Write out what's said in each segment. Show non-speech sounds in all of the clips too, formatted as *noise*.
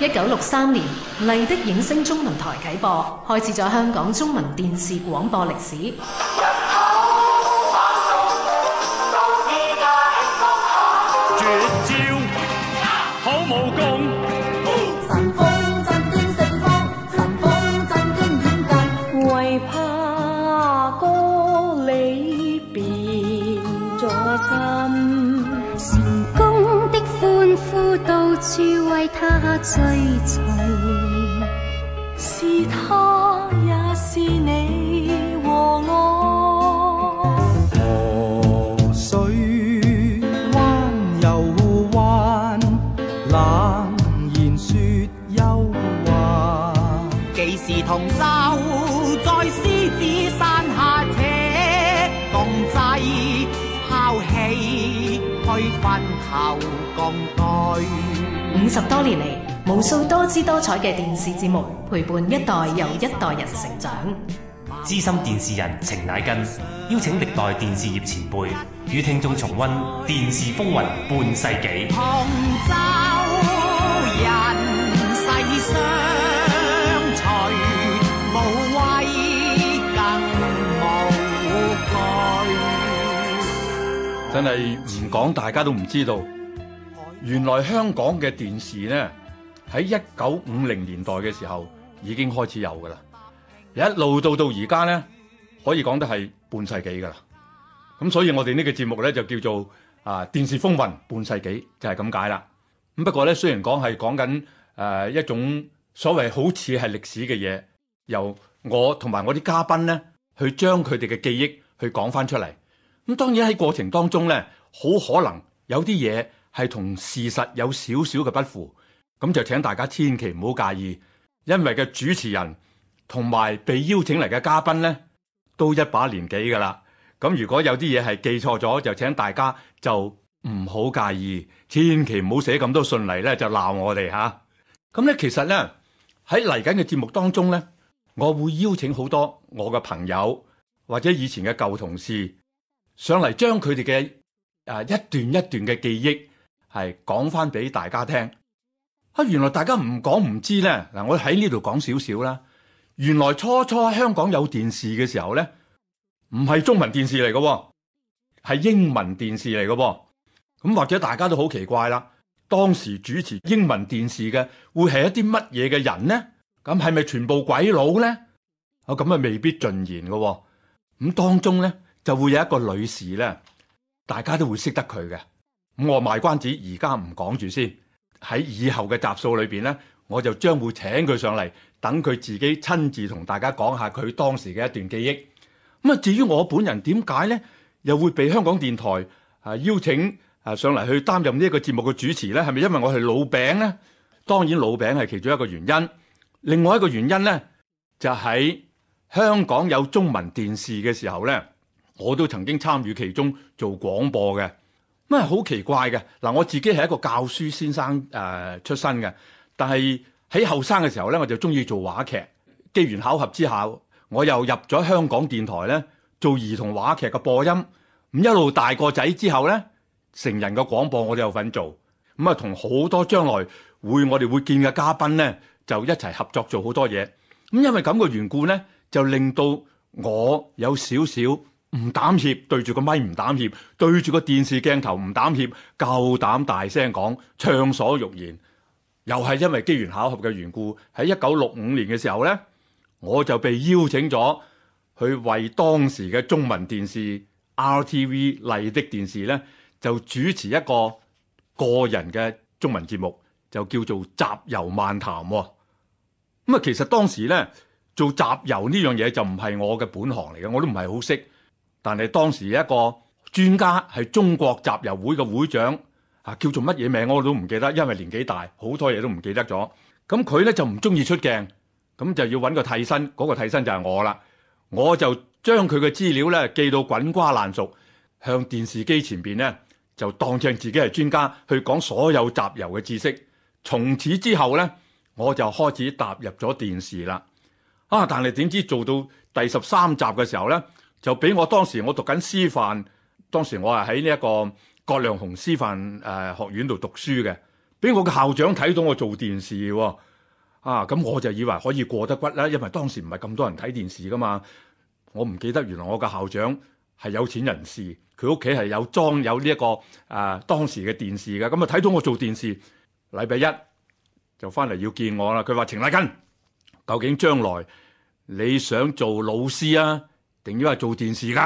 一九六三年，麗的映聲中文台啟播，開始咗香港中文電視廣播歷史。處為他追隨，是他也是你和我，我。河水彎又彎，冷言説幽話。既 *noise* 是同舟在獅子山下且共濟，拋棄區分求共對。十多年嚟，無數多姿多彩嘅電視節目陪伴一代又一代人成長。資深電視人程乃根邀請歷代電視業前輩與聽眾重温電視風雲半世紀。杭州人世相隨，無畏更無懼。真係唔講，大家都唔知道。原來香港嘅電視呢，喺一九五零年代嘅時候已經開始有噶啦，一路到到而家呢，可以講得係半世紀噶啦。咁、嗯、所以我哋呢個節目呢，就叫做啊、呃、電視風雲半世紀，就係咁解啦。咁、嗯、不過呢，雖然講係講緊誒一種所謂好似係歷史嘅嘢，由我同埋我啲嘉賓呢去將佢哋嘅記憶去講翻出嚟。咁、嗯、當然喺過程當中呢，好可能有啲嘢。係同事實有少少嘅不符，咁就請大家千祈唔好介意，因為嘅主持人同埋被邀請嚟嘅嘉賓呢，都一把年紀噶啦。咁如果有啲嘢係記錯咗，就請大家就唔好介意，千祈唔好寫咁多信嚟呢，就鬧我哋吓。咁呢，其實呢，喺嚟緊嘅節目當中呢，我會邀請好多我嘅朋友或者以前嘅舊同事上嚟，將佢哋嘅誒一段一段嘅記憶。係講翻俾大家聽，啊，原來大家唔講唔知呢。嗱，我喺呢度講少少啦。原來初初香港有電視嘅時候呢，唔係中文電視嚟嘅喎，係英文電視嚟嘅喎。咁或者大家都好奇怪啦。當時主持英文電視嘅會係一啲乜嘢嘅人呢？咁係咪全部鬼佬呢？啊，咁啊未必盡然嘅喎。咁當中呢，就會有一個女士呢，大家都會識得佢嘅。我賣關子，而家唔講住先。喺以後嘅集數裏邊呢，我就將會請佢上嚟，等佢自己親自同大家講下佢當時嘅一段記憶。咁啊，至於我本人點解呢？又會被香港電台啊邀請啊上嚟去擔任呢個節目嘅主持呢？係咪因為我係老餅呢？當然老餅係其中一個原因。另外一個原因呢，就喺香港有中文電視嘅時候呢，我都曾經參與其中做廣播嘅。咁好奇怪嘅嗱，我自己係一個教書先生誒、呃、出身嘅，但係喺後生嘅時候呢，我就中意做話劇。機緣巧合之下，我又入咗香港電台呢，做兒童話劇嘅播音。咁一路大個仔之後呢，成人嘅廣播我都有份做。咁啊，同好多將來會我哋會見嘅嘉賓呢，就一齊合作做好多嘢。咁因為咁嘅緣故呢，就令到我有少少，唔膽怯，對住個咪，唔膽怯，對住個電視鏡頭唔膽怯，夠膽大聲講，暢所欲言。又係因為機緣巧合嘅緣故，喺一九六五年嘅時候呢，我就被邀請咗去為當時嘅中文電視 RTV 麗的電視呢，就主持一個個人嘅中文節目，就叫做《集郵漫談》。咁啊，其實當時呢，做集郵呢樣嘢就唔係我嘅本行嚟嘅，我都唔係好識。但係當時一個專家係中國集郵會嘅會長，啊叫做乜嘢名我都唔記得，因為年紀大，好多嘢都唔記得咗。咁佢呢就唔中意出鏡，咁就要揾個替身，嗰、嗰個替身就係我啦。我就將佢嘅資料呢，記到滾瓜爛熟，向電視機前邊呢就當正自己係專家去講所有集郵嘅知識。從此之後呢，我就開始踏入咗電視啦。啊！但係點知做到第十三集嘅時候呢？就俾我當時我讀緊師範，當時我係喺呢一個葛量洪師範誒學院度讀書嘅，俾我個校長睇到我做電視喎啊！咁我就以為可以過得骨啦，因為當時唔係咁多人睇電視噶嘛。我唔記得原來我個校長係有錢人士，佢屋企係有裝有呢、這、一個誒、啊、當時嘅電視嘅咁啊。睇到我做電視，禮拜一就翻嚟要見我啦。佢話：程麗根，究竟將來你想做老師啊？定要係做電視噶，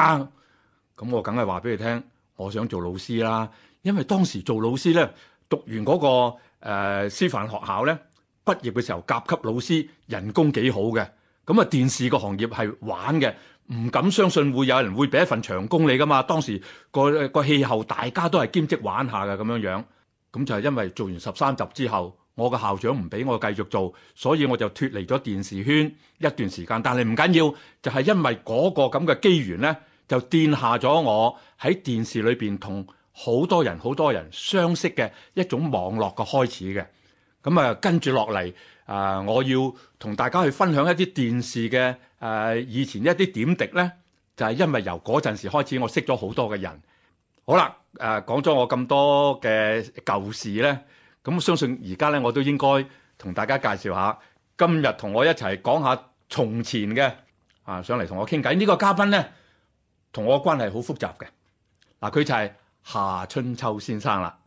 咁我梗係話俾你聽，我想做老師啦。因為當時做老師呢，讀完嗰、嗰個誒、呃、師範學校呢，畢業嘅時候甲級老師，人工幾好嘅。咁啊，電視個行業係玩嘅，唔敢相信會有人會俾一份長工你噶嘛。當時、個、個氣候，大家都係兼職玩下嘅咁樣樣。咁就係因為做完十三集之後。我個校長唔俾我繼續做，所以我就脫離咗電視圈一段時間。但係唔緊要，就係、是、因為嗰個咁嘅機緣呢，就墊下咗我喺電視裏邊同好多人、好多人相識嘅一種網絡嘅開始嘅。咁、嗯、啊，跟住落嚟，啊，我要同大家去分享一啲電視嘅誒、呃，以前一啲點滴呢就係、是、因為由嗰陣時開始，我識咗好多嘅人。好啦，誒、呃，講咗我咁多嘅舊事呢。咁我相信而家咧，我都應該同大家介紹下，今日同我一齊講下從前嘅、啊上嚟同我傾偈呢個嘉賓咧，同我關係好複雜嘅。嗱，佢就係夏春秋先生啦。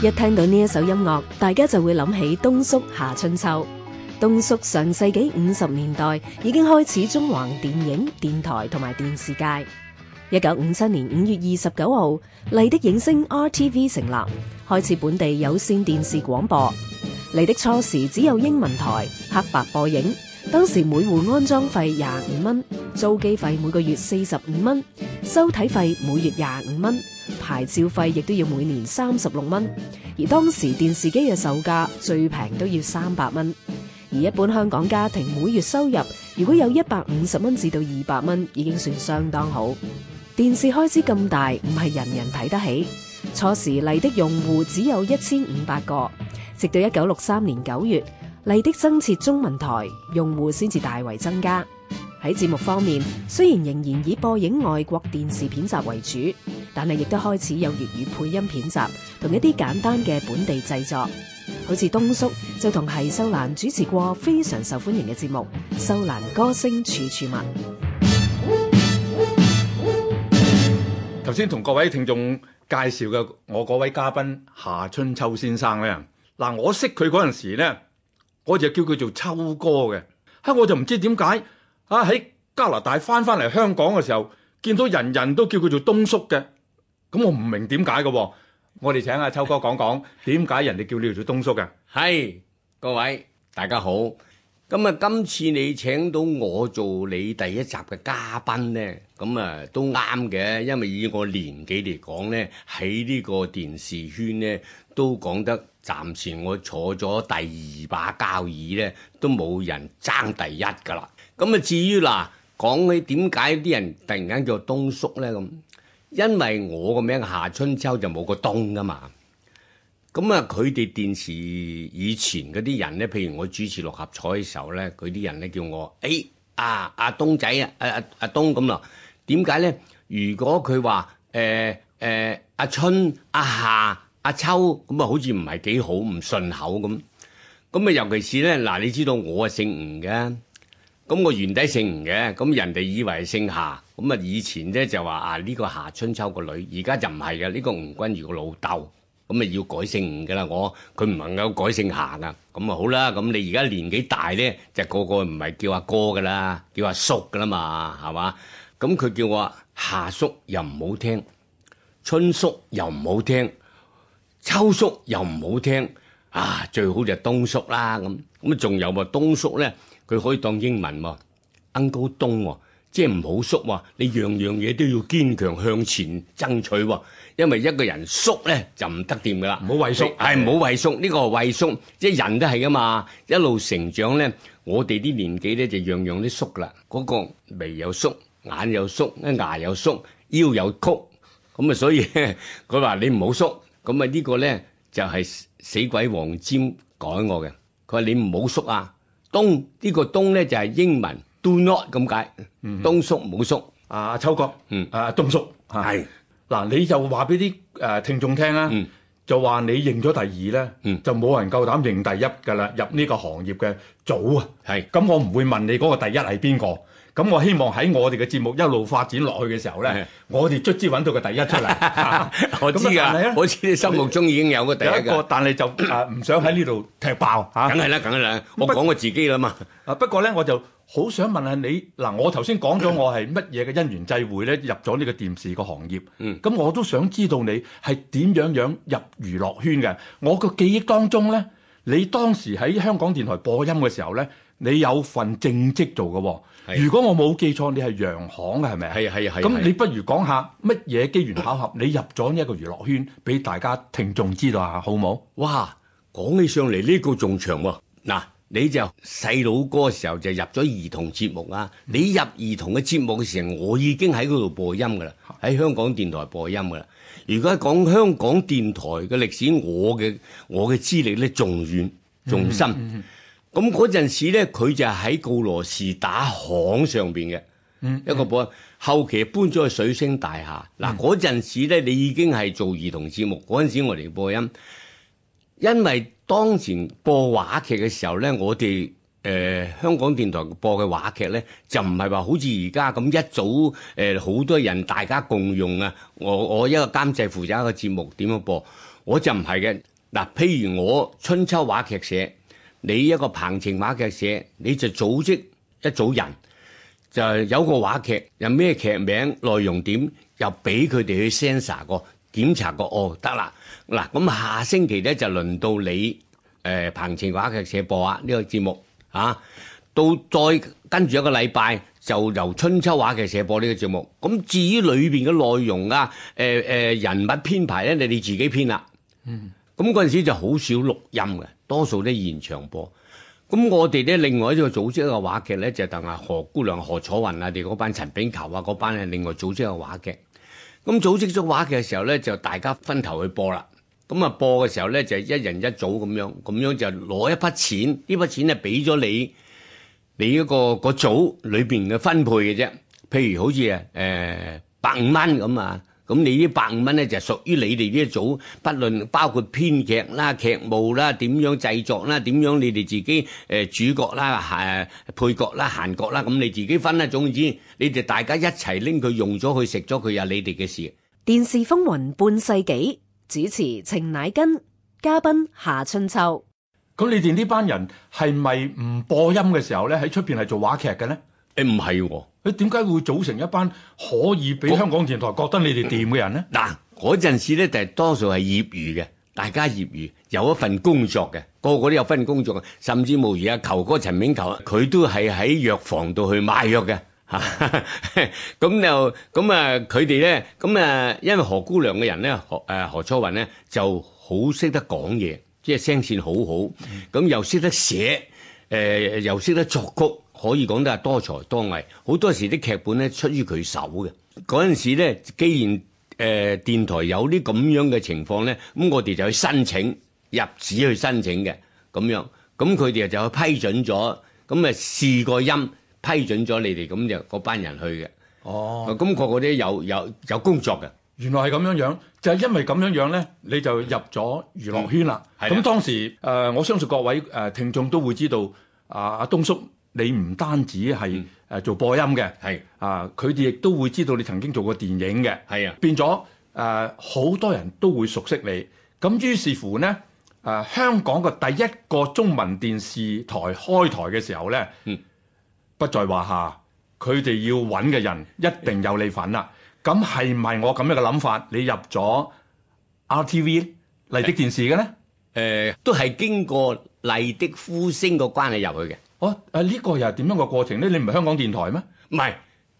一聽到呢一首音樂，大家就會諗起冬叔夏春秋。東叔上世紀五十年代已經開始中橫電影、電台同埋電視界。一九五七年五月二十九號，麗的影星 R.T.V 成立，開始本地有線電視廣播。麗的初時只有英文台黑白播映。當時每戶安裝費廿五蚊，租機費每個月四十五蚊，收睇費每月廿五蚊，牌照費亦都要每年三十六蚊。而當時電視機嘅售價最平都要三百蚊。而一般香港家庭每月收入，如果有一百五十蚊至到二百蚊，已經算相當好。電視開支咁大，唔係人人睇得起。初時麗的用戶只有一千五百個，直到一九六三年九月，麗的增設中文台，用戶先至大為增加。喺節目方面，雖然仍然以播映外國電視片集為主，但係亦都開始有粵語配音片集，同一啲簡單嘅本地製作。好似東叔就同係秀蘭主持過非常受歡迎嘅節目《秀蘭歌聲處處聞》。頭先同各位聽眾介紹嘅我嗰位嘉賓夏春秋先生咧，嗱我識佢嗰陣時咧，我就叫佢做秋哥嘅，吓我就唔知點解。啊！喺加拿大翻翻嚟香港嘅時候，見到人人都叫佢做東叔嘅，咁我唔明點解嘅。我哋請阿、啊、秋哥講講點解人哋叫你做東叔嘅。係，各位大家好，咁啊今次你請到我做你第一集嘅嘉賓呢？咁啊都啱嘅，因為以我年紀嚟講呢，喺呢個電視圈呢，都講得暫時，我坐咗第二把交椅呢，都冇人爭第一㗎啦。咁啊！至於嗱，講起點解啲人突然間叫東叔咧？咁因為我個名夏春秋就冇個東㗎嘛。咁啊，佢哋電視以前嗰啲人咧，譬如我主持六合彩嘅時候咧，佢啲人咧叫我誒啊阿東仔啊，阿阿阿東咁咯。點解咧？如果佢話誒誒阿春阿、啊、夏阿、啊、秋咁啊秋，好似唔係幾好，唔順口咁。咁啊，尤其是咧嗱，你知道我係姓吳嘅。咁我原底姓吳嘅，咁人哋以為係姓夏。咁啊，以前咧就話啊呢個夏春秋個女，而家就唔係嘅，呢個吳君如個老豆。咁啊要改姓吳噶啦，我佢唔能夠改姓夏噶。咁啊好啦，咁你而家年紀大咧，就個個唔係叫阿哥噶啦，叫阿叔噶啦嘛，係嘛？咁佢叫我夏叔又唔好聽，春叔又唔好聽，秋叔又唔好聽。啊，最好就冬叔啦。咁咁仲有啊，冬叔咧。佢可以當英文喎，uncle 東喎，即係唔好縮喎，你樣樣嘢都要堅強向前爭取喎，因為一個人縮咧就唔得掂噶啦，唔好畏縮，係唔好畏縮，呢個畏縮，即係人都係噶嘛，一路成長咧，我哋啲年紀咧就樣樣都縮啦，嗰個眉又縮，眼又縮，一牙又縮，腰又曲，咁啊所以佢話你唔好縮，咁啊呢個咧就係死鬼黃霑改我嘅，佢話你唔好縮啊！東呢個東咧就係英文 do not 咁解，東叔唔好叔，阿秋哥，嗯，阿東叔係，嗱你就話俾啲誒聽眾聽啦，就話你認咗第二咧，就冇人夠膽認第一噶啦，入呢個行業嘅組啊，係，咁我唔會問你嗰個第一係邊個。咁、嗯、我希望喺我哋嘅節目一路發展落去嘅時候咧，的我哋卒之揾到個第一出嚟。 *laughs* 我知㗎，好似、嗯嗯、你心目中已經有個第一個、嗯。但係就誒唔、呃、想喺呢度踢爆嚇。梗係啦，梗係、啊、不啦。我講我自己啦嘛。啊不過咧，我就好想問下你嗱，我頭先講咗我係乜嘢嘅因緣際會咧入咗呢個電視個行業。嗯。咁我都想知道你係點樣樣入娛樂圈嘅。我個記憶當中咧。你當時喺香港電台播音嘅時候咧，你有份正職做嘅喎、哦。的如果我冇記錯，你係洋行嘅係咪啊？係係係。咁你不如講下乜嘢機緣巧合你入咗呢一個娛樂圈，俾大家聽眾知道下好冇？哇，講起上嚟呢、呢個仲長喎、哦。嗱，你就細佬哥嘅時候就入咗兒童節目啊。嗯、你入兒童嘅節目嘅時候，我已經喺嗰度播音㗎啦，喺香港電台播音㗎啦。如果講香港電台嘅歷史，我嘅我嘅資歷咧，仲遠仲深。咁嗰陣時咧，佢就喺告羅士打行上邊嘅、嗯嗯、一個播音。後期搬咗去水星大廈。嗱，嗰陣時咧，你已經係做兒童節目嗰陣時，我哋播音，因為當前播話劇嘅時候咧，我哋。誒、呃、香港電台播嘅話劇咧，就唔係話好似而家咁一早誒好多人大家共用啊！我我一個監製負責一個節目點樣播，我就唔係嘅。嗱，譬如我春秋話劇社，你一個鵬程話劇社，你就組織一組人，就有個話劇，有咩劇名、內容點，又俾佢哋去 censor 個檢查個哦得啦！嗱咁下星期咧就輪到你誒、呃、鵬程話劇社播啊呢、呢個節目。啊！到再跟住一個禮拜就由春秋話劇社播呢個節目。咁、嗯、至於裏邊嘅內容啊，誒、呃、誒、呃、人物編排咧，你哋自己編啦。嗯。咁嗰陣時就好少錄音嘅，多數都現場播。咁我哋咧另外一個組織一個話劇咧，就等鄧阿何姑娘何楚雲啊，你哋嗰班陳炳球啊嗰班啊，另外組織一個話劇。咁組織咗話劇嘅時候咧，就大家分頭去播啦。咁啊，播嘅時候咧就係一人一組咁樣，咁樣就攞一筆錢，呢筆錢咧俾咗你，你一個一個組裏邊嘅分配嘅啫。譬如好似啊，誒百五蚊咁啊，咁你呢百五蚊咧就屬於你哋呢組，不論包括編劇啦、劇務啦、點樣製作啦、點樣你哋自己誒主角啦、誒配角啦、閒角啦，咁你自己分啦。總之，你哋大家一齊拎佢用咗去食咗佢，又你哋嘅事。電視風雲半世紀。主持程乃根，嘉賓夏春秋。咁你哋呢班人係咪唔播音嘅時候咧喺出邊係做話劇嘅咧？誒唔係，誒點解會組成一班可以俾香港電台覺得你哋掂嘅人咧？嗱，嗰、嗯、陣時咧就係多數係業餘嘅，大家業餘有一份工作嘅，個個都有份工作，甚至乎疑阿球哥陳炳球，佢都係喺藥房度去賣藥嘅。咁就咁啊！佢哋咧咁啊，因為何姑娘嘅人咧，何誒何初雲咧就好識得講嘢，即係聲線好好，咁又識得寫，誒、呃、又識得作曲，可以講得係多才多藝。好多時啲劇本咧出於佢手嘅。嗰陣時咧，既然誒、呃、電台有啲咁樣嘅情況咧，咁我哋就去申請入紙去申請嘅，咁樣咁佢哋就去批准咗，咁啊試個音。批准咗你哋咁就嗰班人去嘅。哦，咁個個都有有有工作嘅。原來係咁樣樣，就係、是、因為咁樣樣咧，你就入咗娛樂圈啦。咁、嗯啊、當時誒、呃、我相信各位誒聽眾都會知道，阿、啊、阿東叔你唔單止係誒做播音嘅，係、嗯、啊，佢哋亦都會知道你曾經做過電影嘅。係啊，變咗誒好多人都會熟悉你。咁於是乎咧，誒、啊、香港嘅第一個中文電視台開台嘅時候咧，嗯。不在話下，佢哋要揾嘅人一定有你份啦。咁係唔係我咁樣嘅諗法？你入咗 RTV 麗的電視嘅咧？誒，都係經過麗的呼聲個關係入去嘅。哦，啊呢個又係點樣個過程咧？你唔係香港電台咩？唔係，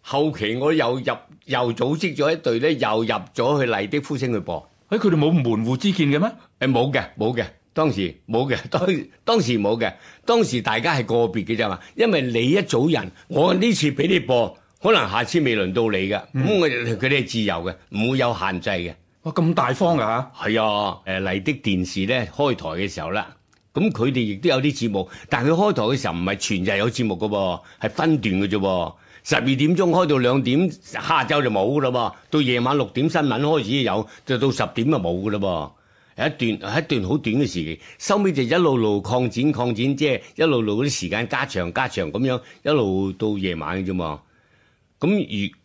後期我又入又組織咗一隊咧，又入咗去麗的呼聲去播。誒，佢哋冇門戶之見嘅咩？誒，冇嘅，冇嘅。當時冇嘅，當時當時冇嘅，當時大家係個別嘅啫嘛。因為你一組人，我呢次俾你播，可能下次未輪到你嘅。咁我佢哋係自由嘅，唔會有限制嘅。哇、哦，咁大方噶吓！係啊，誒麗、啊、的電視咧開台嘅時候啦，咁佢哋亦都有啲節目，但係佢開台嘅時候唔係全日有節目嘅噃，係分段嘅啫噃。十二點鐘開到兩點，下晝就冇嘅啦噃。到夜晚六點新聞開始有，就到十點就冇嘅啦噃。一段喺一段好短嘅時期，收尾就一路路擴展擴展，即係一路路嗰啲時間加長加長咁樣，一路到夜晚嘅啫嘛。咁而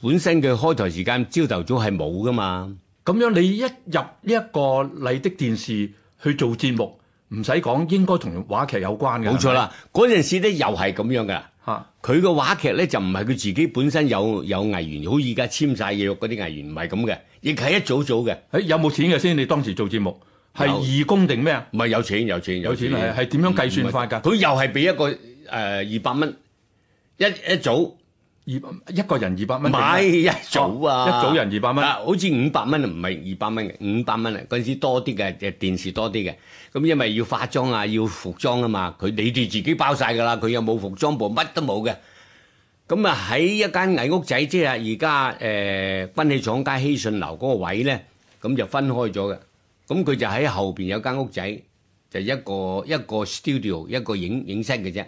本身嘅開台時間朝頭早係冇噶嘛，咁樣你一入呢一個麗的電視去做節目，唔使講應該同話劇有關嘅。冇錯啦，嗰陣時咧又係咁樣噶。佢嘅話劇咧就唔係佢自己本身有有藝員，好而家簽曬約嗰啲藝員唔係咁嘅，亦係一組組嘅。誒、欸、有冇錢嘅先？嗯、你當時做節目係有義工定咩啊？唔係，有錢有錢有錢，係係點樣計算法㗎？佢又係俾一個誒二百蚊一一組。二百一個人二百蚊，唔係一組啊，一組人二百蚊，好似五百蚊唔係二百蚊嘅五百蚊啊。嗰陣時多啲嘅，誒電視多啲嘅，咁因為要化妝啊，要服裝啊嘛，佢你哋自己包晒噶啦，佢又冇服裝部，乜都冇嘅。咁啊喺一間矮屋仔，即係而家誒軍器廠街希順樓嗰個位咧，咁就分開咗嘅。咁佢就喺後邊有間屋仔，就一個一個 studio，一個影影室嘅啫。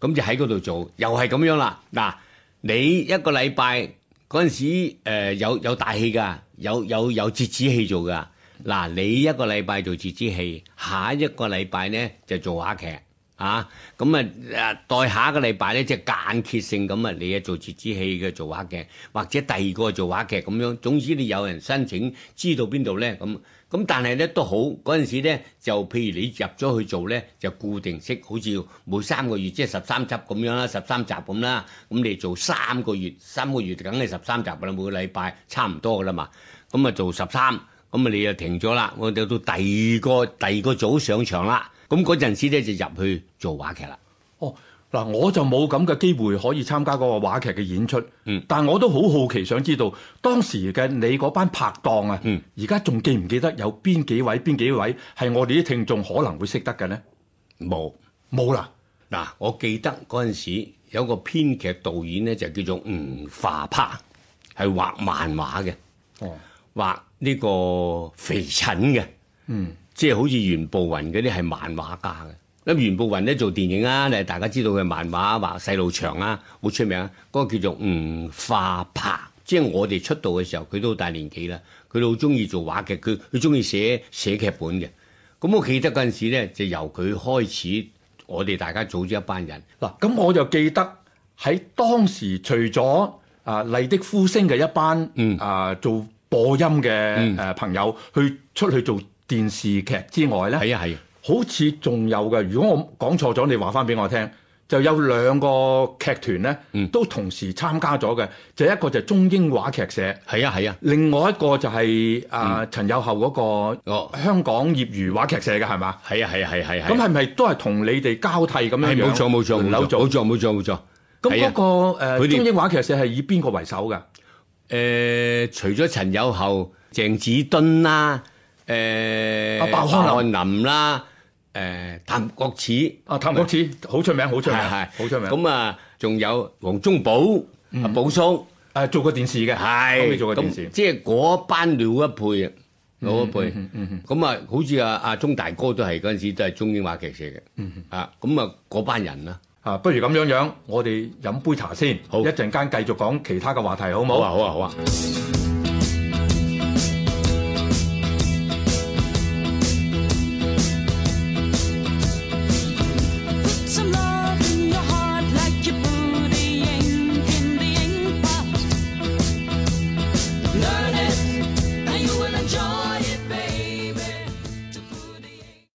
咁就喺嗰度做，又係咁樣啦嗱。你一個禮拜嗰陣時，誒有有大戲㗎，有有有折子戲做㗎。嗱，你一個禮拜做折子戲，下一個禮拜咧就做話劇啊。咁、嗯、啊，待下一個禮拜咧，就、間歇性咁啊，你啊做折子戲嘅做話劇，或者第二個做話劇咁樣。總之你有人申請，知道邊度咧咁。嗯。咁但係咧都好，嗰陣時咧就譬如你入咗去做咧，就固定式，好似每三個月即係十三集咁樣啦，十三集咁啦。咁你做三個月，三個月梗係十三集啦，每個禮拜差唔多嘅啦嘛。咁啊做十三，咁啊你又停咗啦。我哋到第二個第二個組上場啦。咁嗰陣時咧就入去做話劇啦。哦。嗱，我就冇咁嘅機會可以參加嗰個話劇嘅演出，嗯、但係我都好好奇想知道當時嘅你嗰班拍檔啊，而家仲記唔記得有邊幾位邊幾位係我哋啲聽眾可能會識得嘅呢？冇冇啦，嗱了、啊，我記得嗰陣時有個編劇導演咧就叫做吳化柏，係畫漫畫嘅，嗯、畫呢個肥陳嘅，嗯，即係好似袁步雲嗰啲係漫畫家嘅。咁袁步雲咧做電影啊，誒大家知道佢漫畫畫細路長啊，好出名。嗰個叫做吳、嗯、化柏，即係、就是、我哋出道嘅時候，佢都好大年紀啦。佢都好中意做話劇，佢佢中意寫寫劇本嘅。咁、嗯、我記得嗰陣時咧，就由佢開始，我哋大家組咗一班人。嗱，咁我就記得喺當時除，除、呃、咗、嗯、啊麗的呼聲嘅一班啊做播音嘅誒、呃嗯、朋友去出去做電視劇之外咧，係啊係。好似仲有嘅，如果我講錯咗，你話翻俾我聽，就有兩個劇團咧，都同時參加咗嘅，就一個就中英話劇社，係啊係啊，另外一個就係啊陳友厚嗰個香港業餘話劇社嘅係嘛？係啊係啊係係，咁係咪都係同你哋交替咁樣樣？係冇錯冇錯冇錯冇錯冇錯，咁嗰個中英話劇社係以邊個為首嘅？誒，除咗陳友厚、鄭子敦啦、誒白康林啦。誒譚國治啊，譚國治好出名，好出名，好出名。咁啊，仲有黃忠寶啊，寶叔誒，做過電視嘅，係，都未做過電視。即係嗰班老一輩啊，老一輩。咁啊，好似阿阿鍾大哥都係嗰陣時都係中英話劇社嘅。啊，咁啊，嗰班人啦。啊，不如咁樣樣，我哋飲杯茶先，好，一陣間繼續講其他嘅話題，好唔好啊？好啊，好啊。